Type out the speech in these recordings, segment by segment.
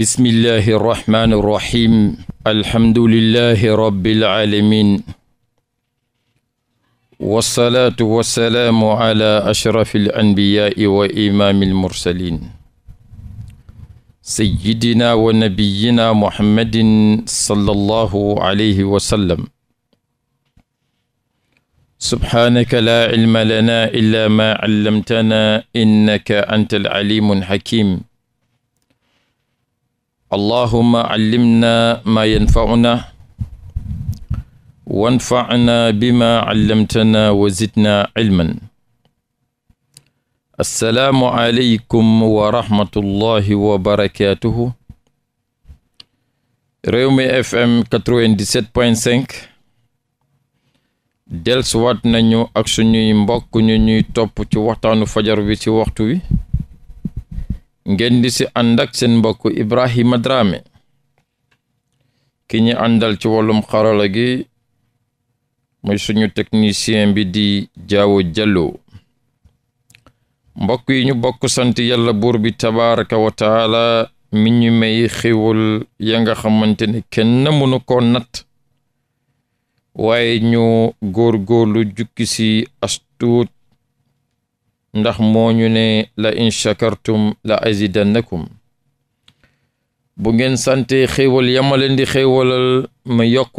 bismillahi irrahmani irrahim alhamdulillahi rabbil alamin wasalaatu wasalaamu ala ashrafi alanbiyaai wa imaami almursalin sayidina wa nabiyina muhammadin sallallahu alayhi wa sallam subhaanaka laa cilma lanaa illaa maa callamtanaa innaka anta alcalimu alxakim allahuma callimna maa yanfacunaa wanfacnaa bimaa callamtanaa wa zidnaa cilman assalaamu aleykum wa rahmatullahi wa barakaatuhu Rewmi FM 97.5 dellusiwaat nañu ak suñuy mbokk ñu ñuy topp ci waxtaanu fajar bi ci waxtu wi ngeen di si ànd ak seen mbokk Ibrahima Dramé ki ñu àndal ci wàllum xarala gi mooy suñu technicien bi di jaawo jallo mbokk yi ñu bokk sant yàlla buur bi tabaraka mi ñu may xéwal ya nga xamante ne kenn mënu koo natt waaye ñu góorgóorlu jukki astuut ndax moo ñu ne la in shakartum la azidannakum bu ngeen sante xéewal yama leen di xéewalal ma yokk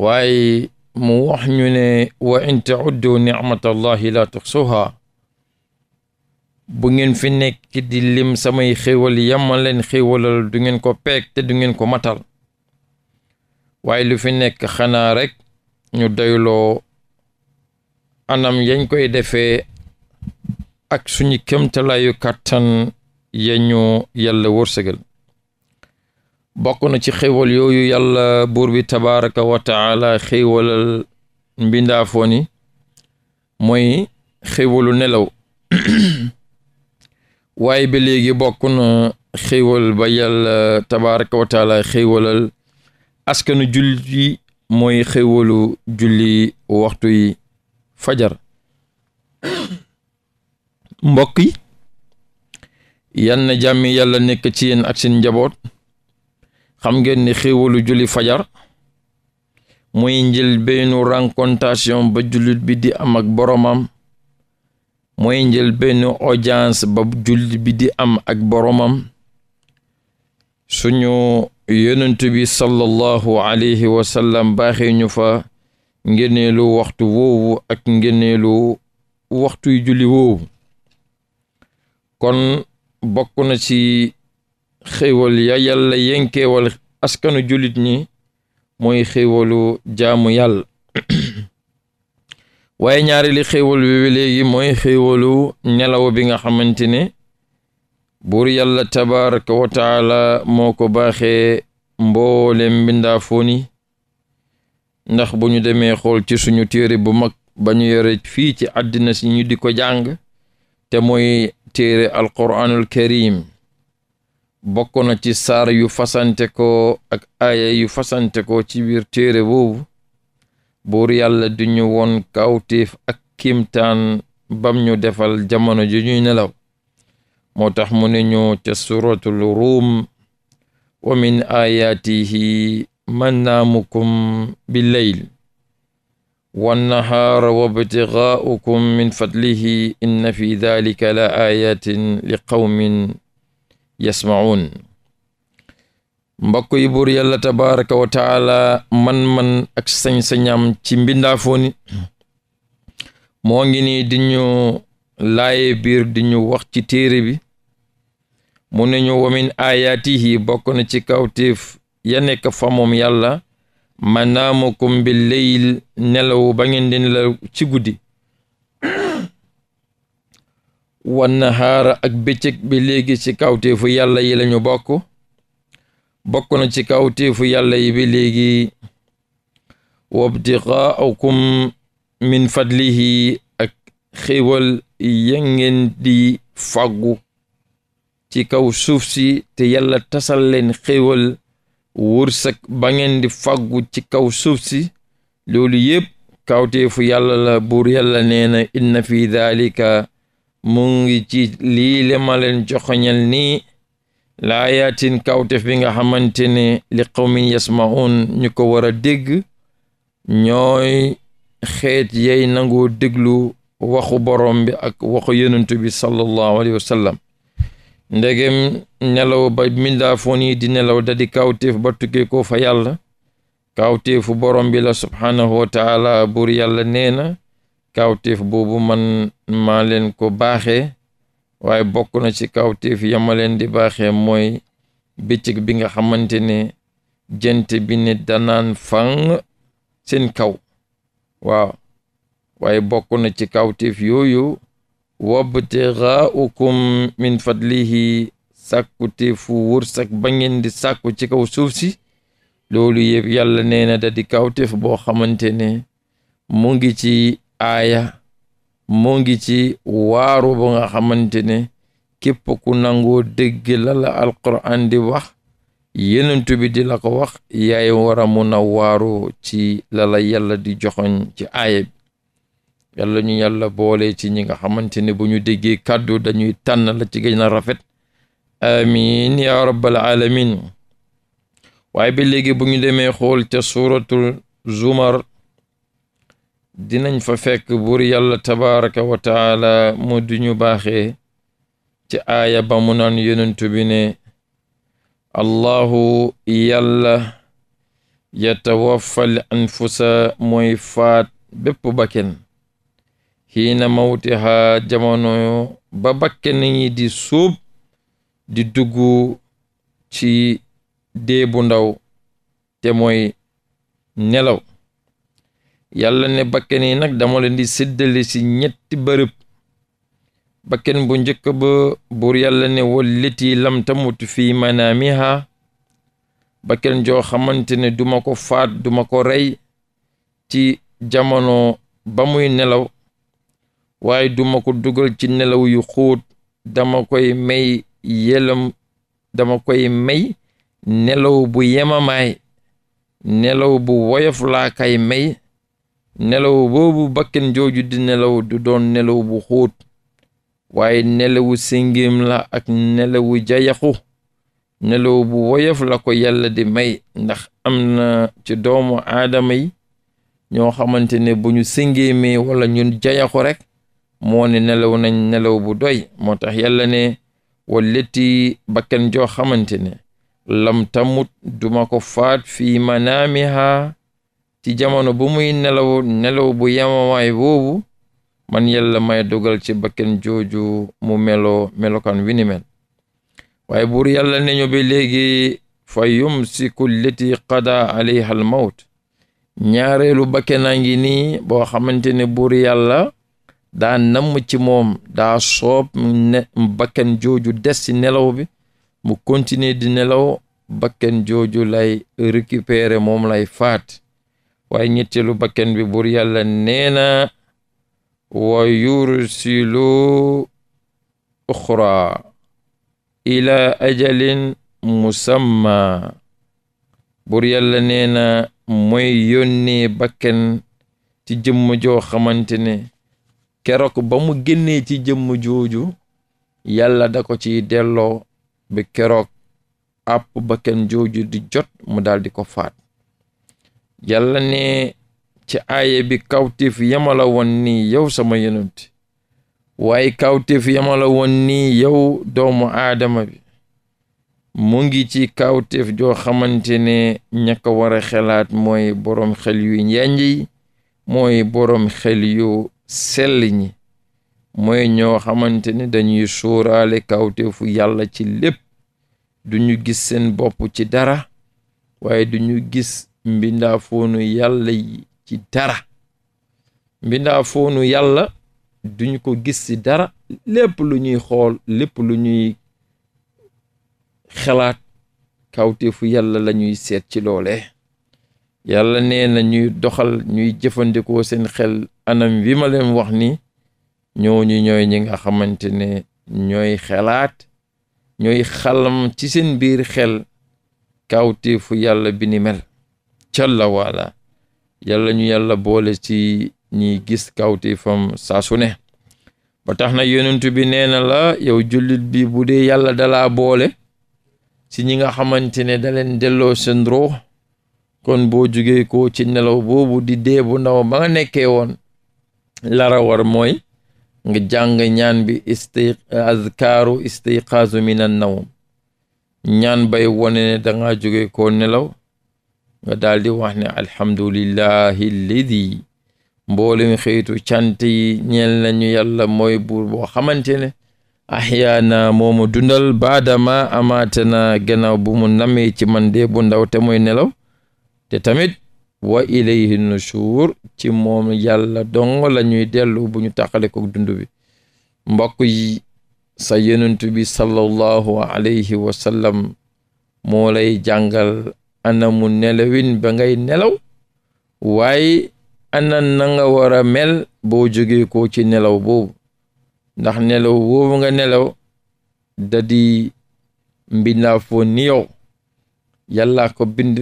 waaye mu wax ñu ne wa in tauddu nicmatallahi la tuxsuha bu ngeen fi nekk di lim samay xéewal yama leen xéewalal du ngeen ko peeg te du ngeen ko matal waaye lu fi nekk xanaa rek ñu doyloo anam yañ koy defee ak suñu kémtalaayu kàttan yañu yàlla wërsëgal bokk na ci xéwal yooyu yàlla buur bi tabaraka wa taala xéwalal mbindaafoon yi mooy xéwalu nelaw waaye ba léegi bokk na xéwal ba yàlla tabaraka wa taala xéwalal askanu julli mooy xéwalu julli waxtu yi fajar mbokki yi yan na jàmmi nekk ci yenn ak seen njaboot xam ngeen ni xéewalu julli fajar muy njëlbeenu rencontation ba jullit bi di am ak boromam mooy njëlbeenu audience ba jullit bi di am ak boromam suñu yonent bi sallallahu alayhi wa sallam fa ngeneelu waxtu woowu ak ngeneelu waxtuy julli woowu kon bokk na ci xéewal ya yàlla yenkeewal askanu jullit ni mooy xéewalu jaamu yàlla waaye ñaari li xéewal bi léegi mooy xéewalu nelaw bi nga xamante ne buur yàlla tabaraka wa taala moo ko baaxee mboolem mbindaa ndax bu ñu demee xool ci suñu téere bu mag ba ñu yore fii ci àddina si ñu di ko jàng te mooy téere alquraanul karim bokk na ci saar yu fasante ko ak yu fasante ko ci biir téere boobu buur yàlla duñu won woon kawtéef ak kimtaan bam ñu defal jamono ju ñuy nelaw moo tax mu ne ñu ca suratul ruum wa min ayaatihi manaamukum billeyl wannahaara wabtigaaukum min fadlihi inna fi dalika la ayatin li qawmin yasmaun mbokk yi buur yàlla tabaraka wa taala man-man ak sañ-sañam ci mbindaafooni moo ngi nii di ñu laaye biir di wax ci téere bi wa min ayaatihi bokk na ci kawtéef ya nekk fa moom yàlla manaamukum bi nelaw ba ngeen di nelaw ci guddi wannahaara ak bëccëg bi léegi ci kawteefu yàlla yi lañu bokk bokk na ci kawteefu yàlla yi bi léegi wabtiqaaukum min fadlihi ak xéewal ya di fàggu ci kaw suuf si te yàlla tasal leen xéewal wërsëg ba ngeen di fàggu ci kaw suuf si loolu yëpp kawteefu yàlla la buur yàlla nee inna fi daalika mu ngi ci lii le ma leen joxoñal nii laayaatin kawteef bi nga xamante ne li qawmin yasmaun ñu ko war a dégg ñooy xeet yay nangu déglu waxu borom bi ak waxu yonent bi sallallahu alayhi wa ndegem nelaw ba mindaafoon yi di nelaw dadi di kawteef ba tukkee ko fa yàlla kawteefu borom bi la subhaanahu wa buur yàlla nee na kawteef boobu man maa leen ko baaxe waaye bokk na ci kawteef yama leen di baaxe mooy bëccëg bi nga xamante ne jant bi ne danaan fang seen kaw waaw waaye bokk na ci kawteef yooyu wabtixaaukum min fadlihi sàkkute fu wërsëg ba ngeen di sàkku ci kaw suuf si loolu yëpp yàlla nee na da di kawteef boo xamante ne mu ngi ci aaya mu ngi ci waaru ba nga xamante ne képp ku nangoo dégg la la alquran di wax yenentu bi di la ko wax yaay war a mun a waaru ci lala la yàlla di joxoñ ci aaya bi yàlla ñu yàlla boole ci ñi nga xamante ne bu ñu déggee kàddu dañuy tànn la ci gën a rafet amin ya rabbal alamin waaye ba léegi bu ñu demee xool ca suuratul zumar dinañ fa fekk buur yàlla tabaraka wa taala mu du ñu baaxee ci aaya ba mu naan yonent bi ne allahu yàlla yatawaffal anfusa mooy faat bépp bakken xiina mawtiha jamono ba bakken yi di suub di dugg ci dee bu ndaw te mooy nelaw yàlla ne bakken yi nag dama leen di séddale ci ñetti bërëb bakken bu njëkk ba buur yàlla ne walliti lam tamut fii manaamiha bakken joo xamante ne duma ko faat duma ko rey ci jamono ba muy nelaw waaye duma ko dugal ci nelaw yu xóot dama koy may yelam dama koy may nelaw bu yemamaay nelaw bu woyof laa kay may nelaw boobu bakken jooju di nelaw du doon nelaw bu xóot waaye nelaw singim la ak nelawu jayaxu nelaw bu woyof la ko yalla di may ndax am na ci doomu aadama yi ñoo xamante ne bu ñu singimee wala ñun jayaxu rek moo nelaw nañ nelaw bu doy moo tax yàlla ne walleti bakkan joo xamante ne lam tamut duma ko faat fii manaamiha ci jamono bu muy nelaw nelaw bu yamamaay boobu man yàlla may dogal ci bakkan jooju mu melo melokaan wi ni mel waaye buur yàlla ne ñu ba léegi fa yumsiku leti qada alayha al mawt ñaareelu bakkanaa ngi nii boo xamante ne buur yàlla daa namm ci moom daa soob ne bakkan jooju des ci nelaw bi mu continuer di nelaw bakkan jooju lay récupérer moom lay faat waaye ñetteelu bakkan bi bur yàlla nee na wa yursilu uxra ila ajalin musamma bur yàlla nee na mooy yónnee bakkan ci jëmm joo xamante ne keroog ba mu génnee ci jëmm jooju yàlla da ko ci delloo bi keroog àpp ba kenn jooju di jot mu daldi ko faat yàlla ne ci aaye bi kawtif yamala woon nii yow sama yonent waaye kawtif la woon nii yow doomu aadama bi mu ngi ci kawtif joo xamante ne ña ko war a xelaat mooy boroom xel yu njànj mooy boroom xel yu sell ñi mooy ñoo xamante ne dañuy sóoraale kawteefu yàlla ci lépp duñu gis seen bopp ci dara waaye duñu gis mbindaa foonu yàlla ci dara mbindaa foonu yàlla duñu ko gis ci dara lépp lu ñuy xool lépp lu ñuy xalaat kawteefu yàlla la ñuy seet ci loole yàlla nee na ñuy doxal ñuy jëfandikoo seen xel anam wi ma leen wax ni ñooñu ñooy ñi nga xamante ne ñooy xelaat ñooy xalam ci seen biir xel kawte fu yàlla bi ni mel calla waala yàlla ñu yàlla boole ci ñuy gis kawti fam saa ne ba tax na yonent bi nee na la yow jullit bi bu dee yàlla dala boole ci ñi nga xamante ne da leen delloo seen ruux kon boo jugee ko ci nelaw boobu di dee bu ndaw ba nga nekkee woon lara war mooy nga jàng ñaan bi isti azkaaru istiqaazu minan nawm ñaan bay wone danga da ngaa jóge koo nelaw nga daal di wax ne alhamdulillahi lladi mboolem xëytu cant yi ñeel nañu yàlla mooy buur boo xamante ne ahyaana moomu dundal baadama amaatana gannaaw bu mu namee ci man dee bu ndaw te mooy nelaw te tamit wa ilayhi nushur ci moom yàlla dong lañuy dellu bu ñu tàqale ko dund bi mbokk yi sa yonent bi sallallahu alayhi wa sallam moo lay jàngal anamu nelawin ba ngay nelaw waaye ana na nga war a mel boo jógee ko ci nelaw boobu ndax nelaw boobu nga nelaw da di mbindaa ko bind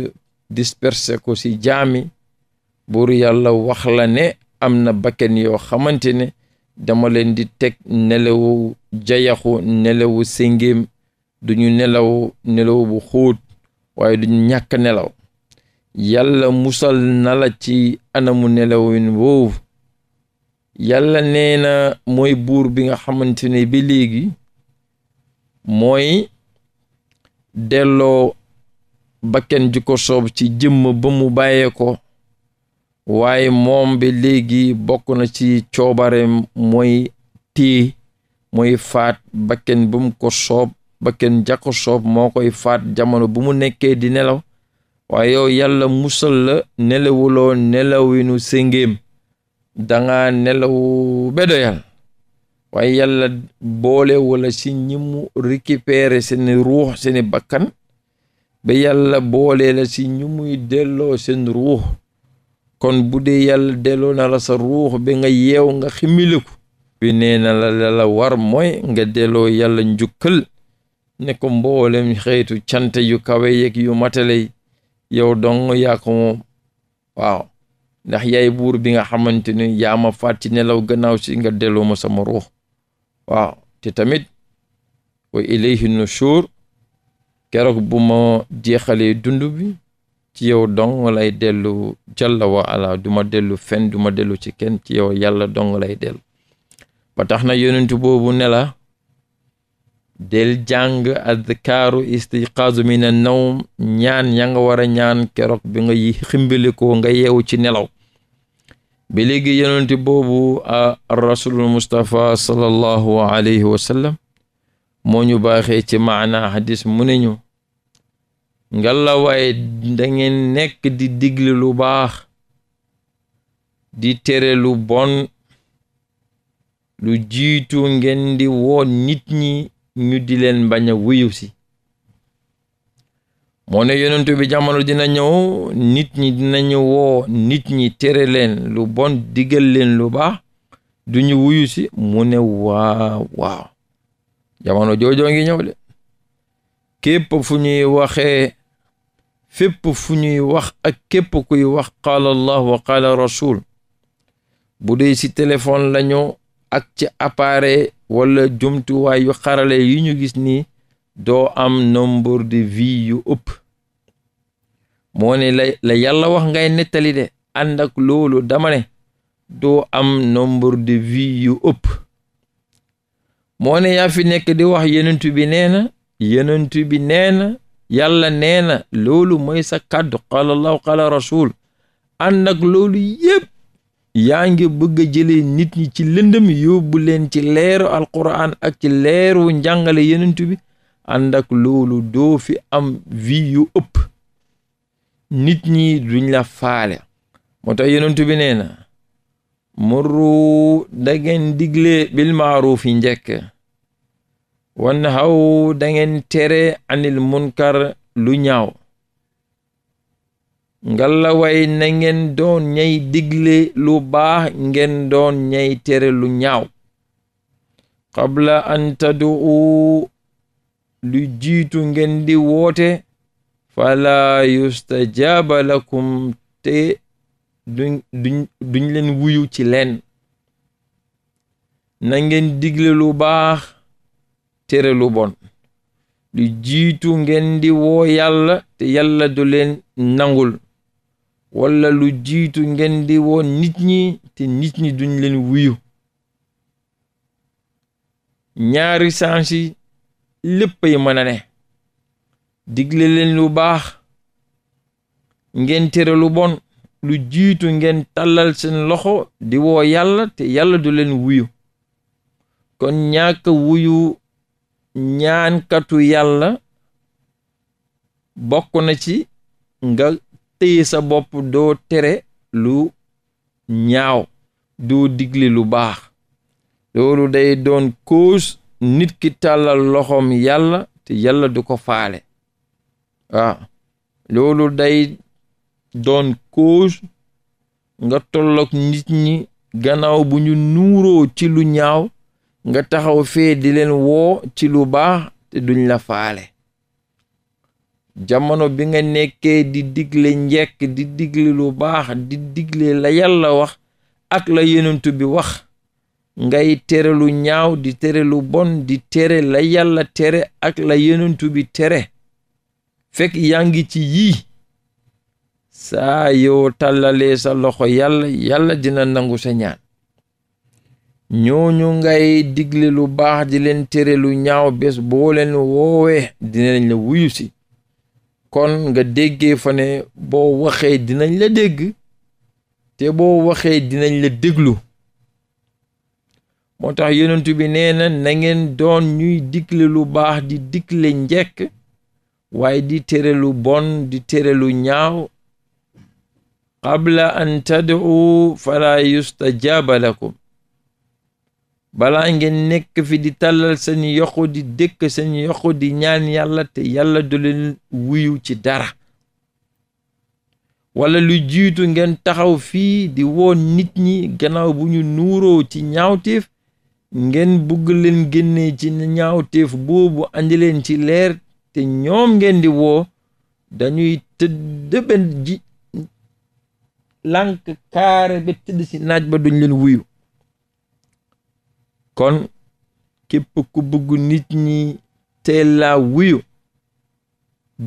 disperser ko ci jaami buur yàlla wax la ne am na bakken yoo xamante ne dama leen di teg nelawu jayaxu nelawu séngéem duñu nelaw nelaw bu xóot waaye duñu ñàkk nelaw yàlla musal na ci anamu nelawin woowu yàlla neena na mooy buur bi nga xamante ne bi léegi mooy delloo bakken ju ko soob ci jëmm ba mu bàyyee waaye moom bi léegi bokk na ci coobareem mooy téye mooy faat bakken bu mu ko soob bakken ja soob moo koy faat jamono bu mu nekkee di nelaw waaye yow yàlla musal la nelawuloo nelawinu séngéem danga nelaw be doyal waaye yàlla boole wala ci ñi mu récupérer seeni ruux seeni bakkan ba yàlla boolee la si ñu muy delloo seen ruux kon bu dee yàlla delloo na la sa ruux ba nga yeew nga ximiliku bi nee na la la war mooy nga delloo yàlla njukkal ne ko mi xeetu cant yu kawe yeeg yu mataley yow dong yaa waaw ndax yaay buur bi nga xamante ni yaa ma fàtti nelaw gannaaw si nga delloo ma sama ruux waaw te tamit wa ilayhi nushur keroog bu ma jeexalee dund bi ci yow dong lay dellu jalla wa ala du ma dellu fen duma dellu ci kenn ci yow yàlla dong lay dellu ba tax na yonentu boobu nela del jàng adkaaru istiqaazu min an nawm ñaan ya nga war a ñaan keroog bi nga yi ko nga yeewu ci nelaw bi léegi yonent boobu rasulul mustapha sallallahu alayhi wa moo ñu baaxee ci maana hadis mu ne ñu ngalawaay dangeen nekk di digle lu baax di tere lu bon lu jiitu ngeen di woon nit ñi ñu di leen bañ a wuyu si moo ne yonent bi jamono dina ñëw nit ñi dinañu woo nit ñi tere leen lu bon digal leen lu baax du ñu wuyu si mu ne waaw waaw jamono joojoo ngi ñëw de képp fu ñuy waxee fépp fu ñuy wax ak képp kuy wax qaala allah wa qaala rasul bu dee ci téléphone lañu ak ci appareil walla jumtuwaay yu xarale yu ñu gis nii doo am nombre de vi yu ëpp moo ne la la yàlla wax ngay nettali de ànd loolu dama doo am nombre de vie yu ëpp moo ne yaa fi nekk di wax yenentu bi nee na yenentu bi nee na yàlla nee na loolu mooy sa kàddu qaala allahu qaala rasul ànd ak loolu yaa ngi bëgg a jëlee nit ñi ci lëndëm yóbbu leen ci leeru alquran ak ci leeru njàngale yenentu bi ànd ak loolu am vie yu ëpp nit ñi duñ la faale moo tax yenentu bi murru da ngeen digle bil maaruf yi njëkk wan haw da ngeen tere anil munkar lu ñaaw way na ngeen doon ñay digle lu baax ngeen doon ñay tere lu ñaaw qabla an taduu lu jiitu ngeen di woote fala yustajaaba lakum duñ duñ leen wuyu ci leen na ngeen digle lu baax tere lu bon lu jiitu ngeen di woo yàlla te yàlla du leen nangul walla lu jiitu ngeen di woo nit ñi te nit ñi duñ leen wuyu ñaari sens yi léppay mën a ne digle leen lu baax ngeen tere lu bon lu jiitu ngeen tàllal seen loxo di woo yàlla te yàlla du leen wuyu kon ñàkk wuyu ñaankatu yàlla bokk na ci nga téye sa bopp doo tere lu ñaaw doo digli lu baax loolu day doon cause nit ki tàllal loxoom yàlla te yàlla du ko faale loolu day doon cause nga tollook nit ñi gannaaw bu ñu nuuroo ci lu ñaaw nga taxaw fee di leen woo ci lu baax te duñ la faale jamono bi nga nekkee di digle njekk di digle lu baax di digle la yàlla wax ak la yenentu bi wax ngay tere lu ñaaw di tere lu bon di tere la yàlla tere ak la yenentu bi tere fekk yaa ci yii saa yoo tàllalee sa loxo yàlla yàlla dina nangu sa ñaan ñooñu ngay digle lu baax di leen tere ñaaw bés boo woowee dinañ la wuyu si kon nga déggee fane ne boo waxee dinañ la dégg te boo waxee dinañ la déglu moo tax yonentu bi nee na ngeen doon ñuy digle lu baax di digle njekk waaye di tere bon di tere lu ñaaw qabla an tad'u fala yustajaaba lakum balaa ngeen nekk fi di tàllal seen yoxu di dëkk seen yoxu di ñaan yàlla te yàlla du leen wuyu ci dara wala lu jiitu ngeen taxaw fii di woon nit ñi gannaaw bu ñu nuuroo ci ñaawteef ngeen bugg leen génne ci ñaawteef boobu andi leen ci leer te ñoom ngeen di woo dañuy tëdd benn ji lank kaare ba tëdd si naaj ba duñ leen wuyu kon képp ku bëgg nit ñi teel laa wuyu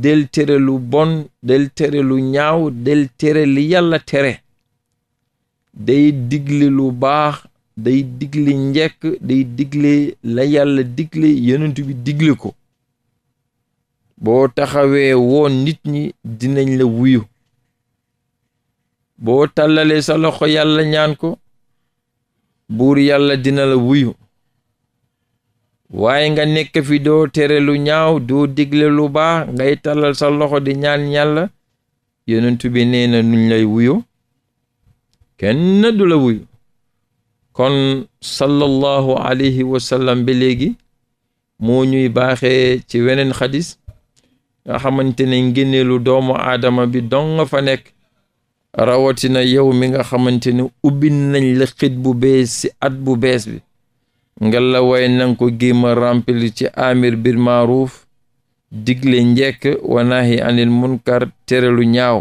del tere lu bon del lu ñaaw del tere li yàlla tere day digle lu baax day digle njekk day digle la yàlla digle yonent bi digle ko boo taxawee woon nit ñi dinañ la wuyu boo tàllalee sa loxo yàlla ñaan ko buur yàlla dina la wuyu waaye nga nekk fi doo tere lu ñaaw du digle lu baax ngay tàllal sa loxo di ñaan yàlla yonent bi neena na nuñ lay wuyu kenn du la wuyu kon sallallahu alayhi wa sallam ba léegi moo ñuy baaxee ci weneen xadis nga xamante ne ngénneelu doomu aadama bi dong nga fa nekk rawatina yow mi nga xamante ne ubbi nañ la xit bu bees ci at bu bees bi nga la way nanga ko géema rempli ci amir bir maaruuf digle njekk wanahi anil munkar terelu ñaaw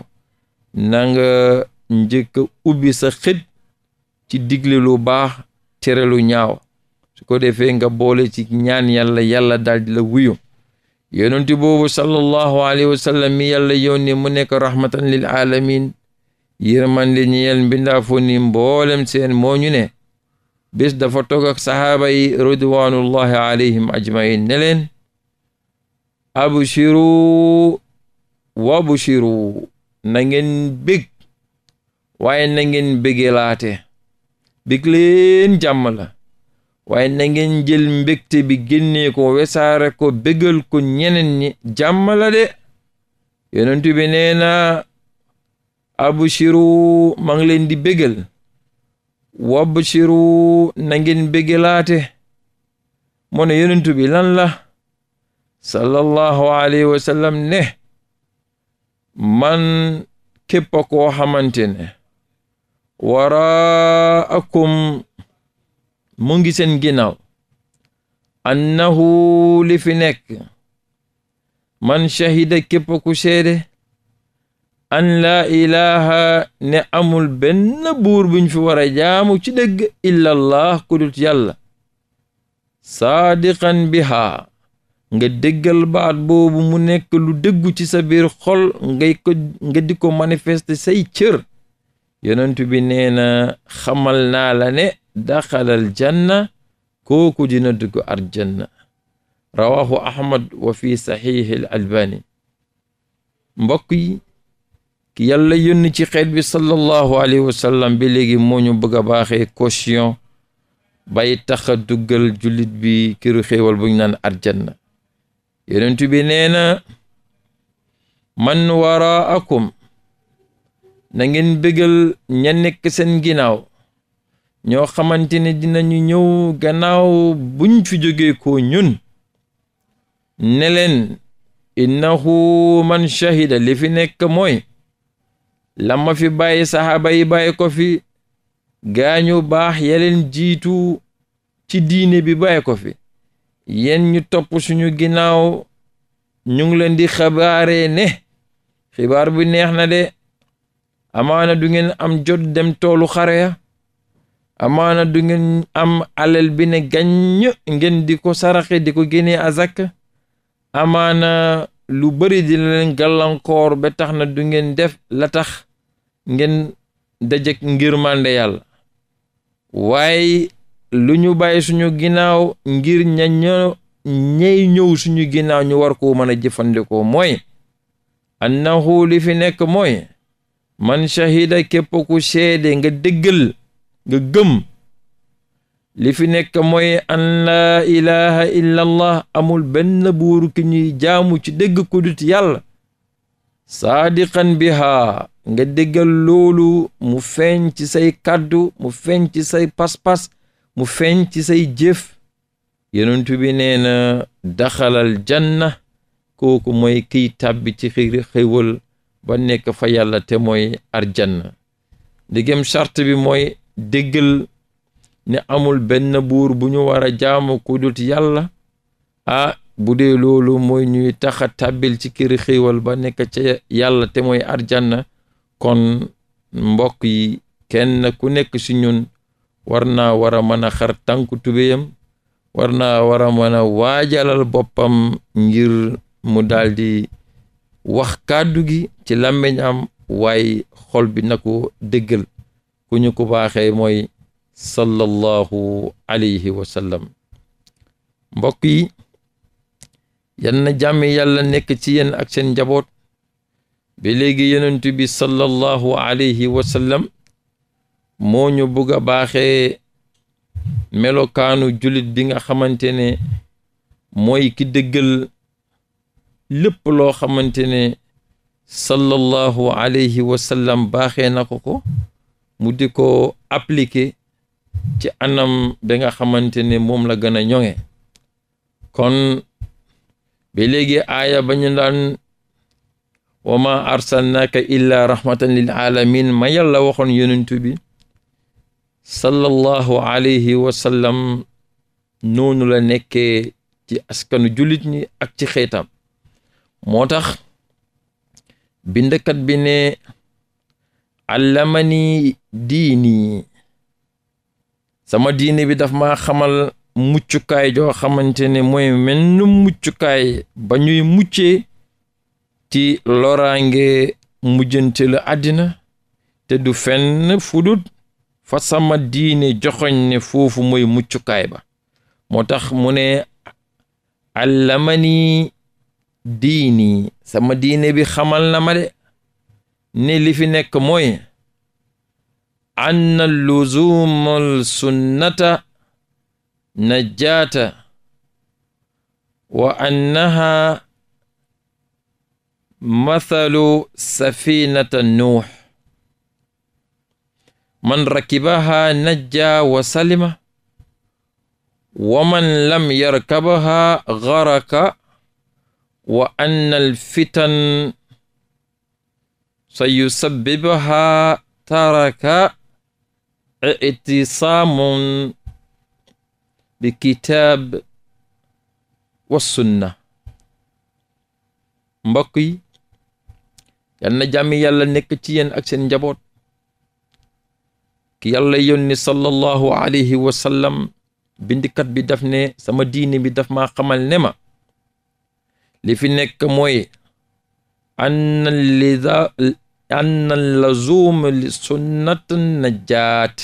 na nga njëkk ubbi sa xit ci digle lu baax terelu ñaaw su ko defee nga boole ci ñaan yàlla yàlla di la wuyu yonenti boobu sallallahu alayhi wa mi yàlla yónni mu nekk rahmatan lil alamin yërmande ñeel mbindaafu ni mboolem seen moo ñu ne bés dafa toog ak sahaaba yi ridwanullahi alayhim ajmain ne leen abshiru wabshiru na ngeen bég waaye na ngeen bégelaate bég leen jàmm la waaye na ngeen jël mbégte bi génnee ko wesaare ko bégal ko ñeneen ñi jàmm de yonentu bi na abshiru ma ngi leen di bégal wabshiru na ngeen bégalaate mu ne bi lan la sallallahu alayhi wa ne man képp koo xamante ne waraakum mu ngi seen ginnaaw annahu li fi nekk man shahida képp ku seede an laa ilaha ne amul benn buur buñ fi war a jaamu ci dëgg illallah kudut yàlla saadiqan bihaa nga déggal baat boobu mu nekk lu dëggu ci sa biir xol ngay ko nga di ko manifester say cër yonent bi neena xamal naa la ne daxalal janna kooku dina dugg arjanna rawahu ahmad wa fi saxiixi albani yi ki yàlla yónni ci xeet bi sallallahu alayhi wa bi léegi moo ñu bëgg a baaxee caution bay tax duggal jullit bi këru xéewal bu nan naan arjanna yonent bi nee na man waraakum na ngeen bëggal ña nekk seen ginnaaw ñoo xamante ne dinañu ñëw gannaaw buñ fi jógee ko ñun ne leen innahu man shahida li fi nekk mooy lam ma fi bàyyi saxaaba yi bàyyi ko fi gaañu baax yeleen jiitu ci diine bi bàyyi ko fi yéen ñu topp suñu ginnaaw ñu ngi leen di xabaaree ne xibaar bi neex na de amaana du ngeen am jot dem toolu xare amaana du am alel bi ne gàññ ngeen di ko saraxe di ko génnee azak amaana lu bari di leen gàllankoor ba tax na du ngeen def la tax ngeen dajeg ngir mànde yàlla waaye lu ñu bàyyi suñu ginnaaw ngir ña ñoo ñëw suñu ginaaw ñu war ko mën a jëfandikoo mooy annahu li fi nekk mooy man shahida képp ku seede nga dëggal nga gëm li fi nekk mooy an laa illa allah amul benn buur ki ñuy jaamu ci dëgg ku dut yàlla saadiqan biha nga déggal loolu mu feeñ ci say kàddu mu feeñ ci say paspas mu feeñ ci say jëf yonent bi nee na daxalal janna kooku mooy kiy tàbbi ci xéwal ba nekk fa yàlla te mooy arjanna diggam charte bi mooy déggal ne amul benn buur bu ñu war a jaamu ku dut yàlla ah bu dee loolu mooy ñuy taxa tàbbil ci kër xéwal ba nekk ca yàlla te mooy arjanna kon mbokk yi kenn ku nekk si ñun war naa war mën a xar tànku tubéyam war naa war a mën a waajalal boppam ngir mu daldi wax kàddu gi ci làmmiñ am waaye xol bi na ko dëggal ku ñu ko baaxee mooy sallallahu alayhi wa sallam mbokk yi yan yàlla nekk ci yéen ak seen njaboot ba léegi yonent bi sallallahu alayhi wa sallam moo ñu bugg baaxee melokaanu julit bi nga xamante ne mooy ki dëggal lépp loo xamante ne sallallahu alayhi wa sallam baaxee na ko ko mu di ko appliquer ci anam ba nga xamante ne moom la gën a ñoŋe kon ba léegi aaya ba ñu wa ma arsalnaaka illa rahmatan lil ma yàlla waxoon yonent bi sallallahu alayhi wa sallam noonu la nekkee ci askanu julit ñi ak ci xeetam moo tax bindkat bi ne allamani diini sama diini bi daf ma xamal muccukaay joo xamante ne mooy mel muccukaay ba ñuy mucce ci loraange mujjante la àddina te du fenn fudut fa sama diine joxoñ ne foofu moy muccukaay ba moo tax mu ne allamani diini sama diine bi xamal na ma ni ne li fi nekk mooy anna luzumal sunnata najaata wa annaha mathalu safinata nuux man rakibaha najja wa salima wa man lam yarkabaha garaka wa anna alfitan sayusabbibaha taraka ictisaamun bi kitaab wa sunna mbokk yi yal na jàmmi yàlla nekk ci yéen ak seen njaboot ki yàlla yónni sallallahu alayhi wa sallam bindikat bi daf ne sama diine bi daf ma xamal ne ma li fi nekk mooy anna liza anna lazum li sunnatan najaat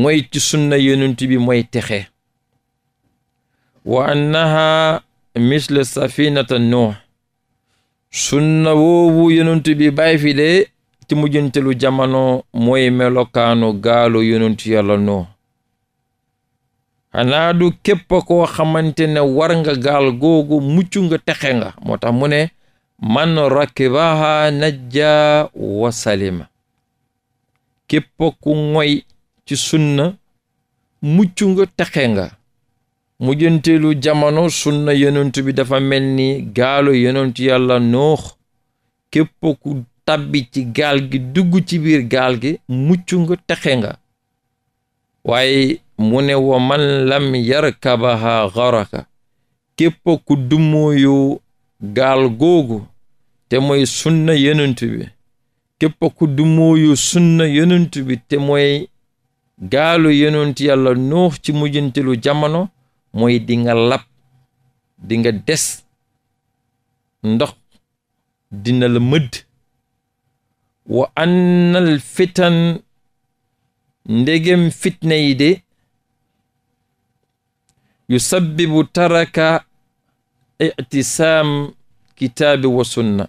mooy ci sunna yonent bi mooy texe wa annaha misle safinata nuux sunna woowu yonentu bi bàyyi fi de ci mujjantelu jamono mooy melokaanu gaalu yonentu yàlla noo xanaa du képp koo xamante ne war nga gaal googu mucc nga texe nga moo tax mu ne man rakibaha najja wa salima képp ku ngoy ci sunna mucc nga texe nga mujjanteelu jamono sunna yonentu bi dafa mel ni gaalo yonentu yàlla noox képp ku tabbi ci gaal gi dugg ci biir gaal gi mucc nga texe nga waaye mu ne wa man lam yarkabaha garaka képp ku dummóoyu gaal te mooy sunna yonentu bi képp ku dummóoyu sunna yonentu te mooy gaalo yonentu yàlla noox ci mujjanteelu jamono mooy di lap dinga des ndox dina la mëdd wa annal fitan ndegem fitna yi de taraka ictisaam kitaabi wa sunna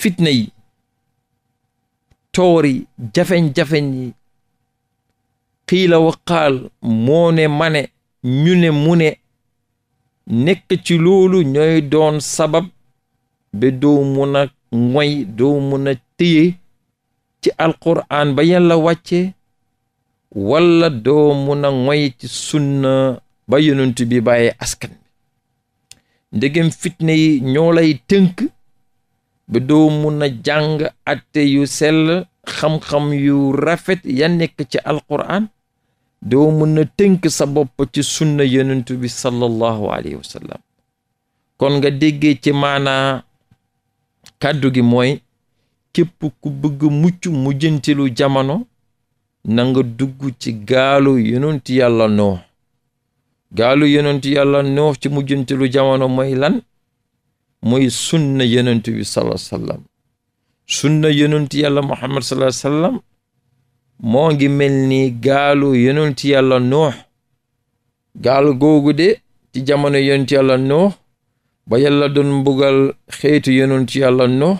fitna yi toori jafeñ-jafeñ yi qiila wa qaal moo ne mane ñu ne mu ne nekk ci loolu ñooy doon sabab ba doo mun a moy doo mun a téye ci alquraan ba yàlla wàcce walla doo mun a moy ci sunna ba yonent bi bàyyee askan bi ndegem fitna yi ñoo lay tënk ba doo mun a jàng atte yu sell xam-xam yu rafet ya nekk ci alquraan doo mën a tënk sa bopp ci sunna yonent bi sallallahu alayhi wa kon nga déggee ci maanaa kàddu gi mooy képp ku bëgg mucc mujjantilu jamono nanga nga dugg ci gaalu yonent yàlla noox gaalu yonent yàlla noox ci mujjantilu jamono mooy lan mooy sunna yonent bi sallallahu alayhi wa sallam sunna yonent yàlla muhammad sallallahu moo ngi mel nii gaalu yonent yàlla nuux gaal googu de ci jamono yonent yàlla nuux ba yàlla doon bugal xeetu yonent yàlla nuux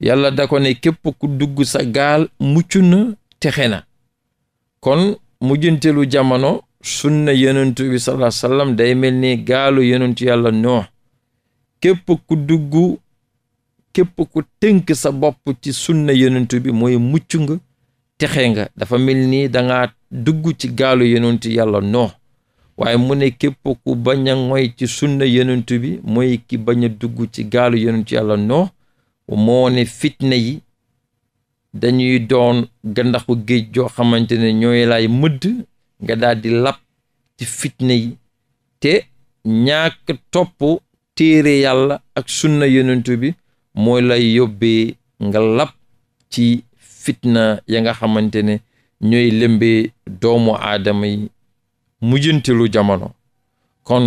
yàlla dako ne képp ku dugg sa gaal mucc texe na kon mujjantelu jamono sunna yonent bi sallallahu day mel ni gaalu yonent yàlla nuux képp ku dugg képp ku tënk sa bopp ci sunna yonent bi muy mucc texe nga dafa mel ni danga dugg ci gaalu yonentu yàlla noo waaye mu ne képp ku bañ a ci sunna yonentu bi mooy ki bañ dugg ci gaalu yonentu yàlla noo moo ne fitna yi dañuy doon gandaxu géej joo xamante ne ñooy lay mëdd nga daldi di ci fitna yi te ñàkk topp téere yàlla ak sunna yonentu bi mooy lay yóbbee nga lap ci fitna ya nga xamante ne ñooy lëmbee doomu aadama yi mujjantilu jamono kon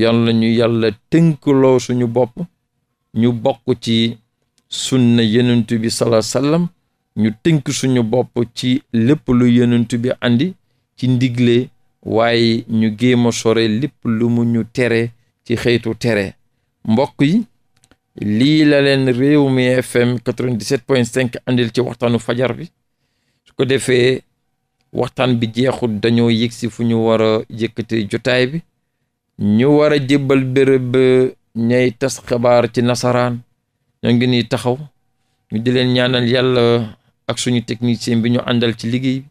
yàlla ñu yàlla tënkloo suñu bopp ñu bokk ci sunna yenentu bi salaa ñu tënk suñu bopp ci lépp lu yenentu bi indi ci ndigle waaye ñu géema sore lépp lu mu ñu tere ci xeetu tere mbokk yi lii la leen réew mi fm 97.5 andil ci waxtaanu fajar bi su ko defee waxtaan bi jeexul dañoo yëg si fu ñu war a yëkkati jotaay bi ñu war a jébbal bérëb ñay tas xabaar ci nasaraan ñoo ngi ni taxaw ñu di leen ñaanal yàlla ak suñu technicien bi ñu àndal ci liggéey bi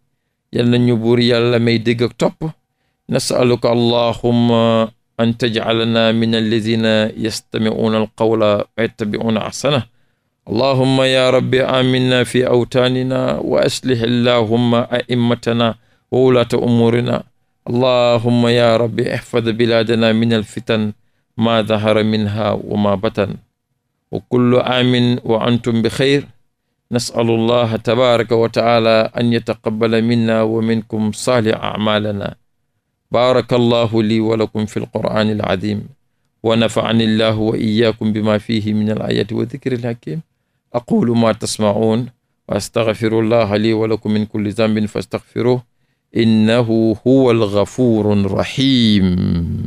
yal na ñu buur yàlla may dégg ak topp nasaluka allahumma an tajcalana min alladina yastamicuuna alqawla wa yattabicuuna axsana allahuma ya rabbi aminna fi awtaanina wa aslih allahuma aimmatana wa wulaata umuurina allahuma ya rabbi ihfad bilaadana min alfitan ma dahara minha wa ma batan wa kullu amin wa antum bi xeyr nasalu allaha tabaraka wa taala an yataqabala minna wa minkum saalih acmaalana baarakallahu lii wa lakum fi alqur'ani alazim wa nafa'ani llahu wa iyyakum bima fihi min alayati wa dhikri alhakim aqulu ma tasma'un wa astaghfirullaha lii wa lakum min kulli dhanbin fastaghfiruhu innahu huwa alghafuru rahim